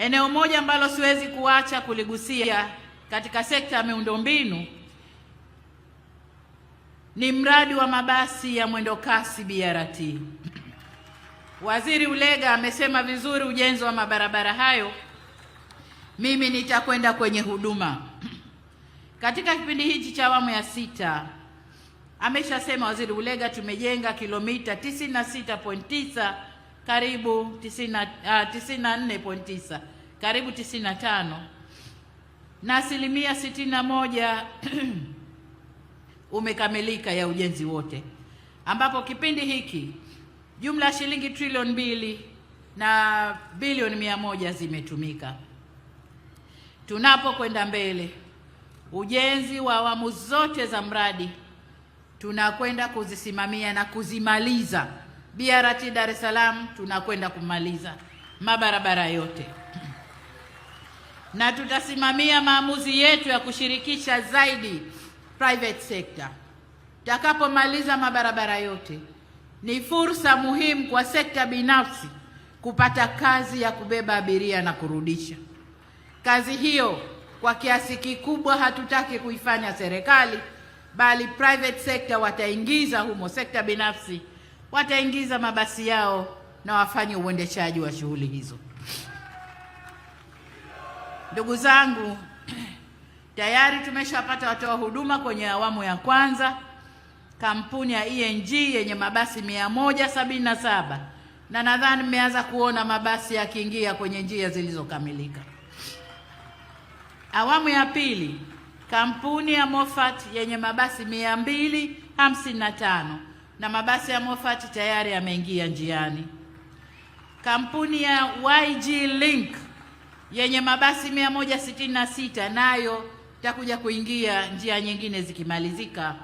Eneo moja ambalo siwezi kuacha kuligusia katika sekta ya miundombinu ni mradi wa mabasi ya mwendokasi BRT. Waziri Ulega amesema vizuri ujenzi wa mabarabara hayo. Mimi nitakwenda kwenye huduma katika kipindi hichi cha awamu ya sita. Ameshasema Waziri Ulega tumejenga kilomita 96.9 karibu 94.9 uh, ah, karibu 95 na asilimia 61 umekamilika ya ujenzi wote, ambapo kipindi hiki jumla ya shilingi trilioni mbili na bilioni mia moja zimetumika. Tunapokwenda mbele, ujenzi wa awamu zote za mradi tunakwenda kuzisimamia na kuzimaliza BRT Dar es Salaam tunakwenda kumaliza mabarabara yote na tutasimamia maamuzi yetu ya kushirikisha zaidi private sector. takapomaliza mabarabara yote, ni fursa muhimu kwa sekta binafsi kupata kazi ya kubeba abiria na kurudisha. Kazi hiyo kwa kiasi kikubwa hatutaki kuifanya serikali, bali private sector wataingiza humo, sekta binafsi wataingiza mabasi yao na wafanye uendeshaji wa shughuli hizo. Ndugu zangu, tayari tumeshapata watoa huduma kwenye awamu ya kwanza. Kampuni ya ENG yenye mabasi 177 na nadhani mmeanza kuona mabasi yakiingia kwenye njia zilizokamilika. Awamu ya pili, kampuni ya Moffat yenye mabasi 255 na mabasi ya Mofati tayari yameingia njiani. Kampuni ya YG Link yenye mabasi 166 nayo takuja kuingia njia nyingine zikimalizika,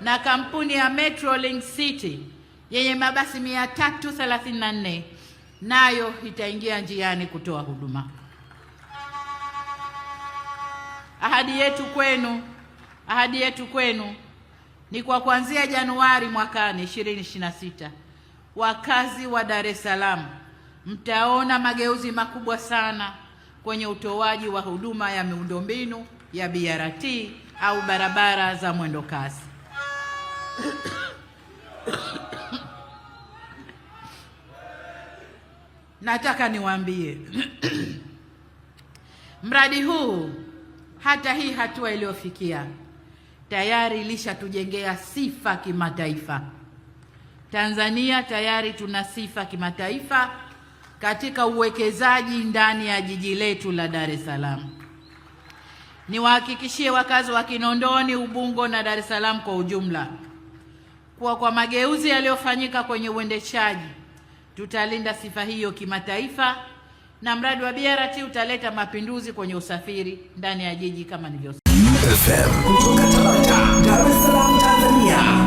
na kampuni ya Metrolink City yenye mabasi 334 nayo itaingia njiani kutoa huduma. Ahadi yetu kwenu, ahadi yetu kwenu ni kwa kuanzia Januari mwakani 2026 wakazi wa Dar es Salaam mtaona mageuzi makubwa sana kwenye utoaji wa huduma ya miundombinu ya BRT au barabara za mwendo kasi. Nataka niwaambie mradi huu hata hii hatua iliyofikia tayari lishatujengea sifa kimataifa. Tanzania tayari tuna sifa kimataifa katika uwekezaji ndani ya jiji letu la Dar es Salaam. Niwahakikishie wakazi wa Kinondoni, Ubungo na Dar es Salaam kwa ujumla kuwa kwa mageuzi yaliyofanyika kwenye uendeshaji tutalinda sifa hiyo kimataifa na mradi wa BRT utaleta mapinduzi kwenye usafiri ndani ya jiji kama nilivyo FM kutoka Tabata, Dar es Salaam, Tanzania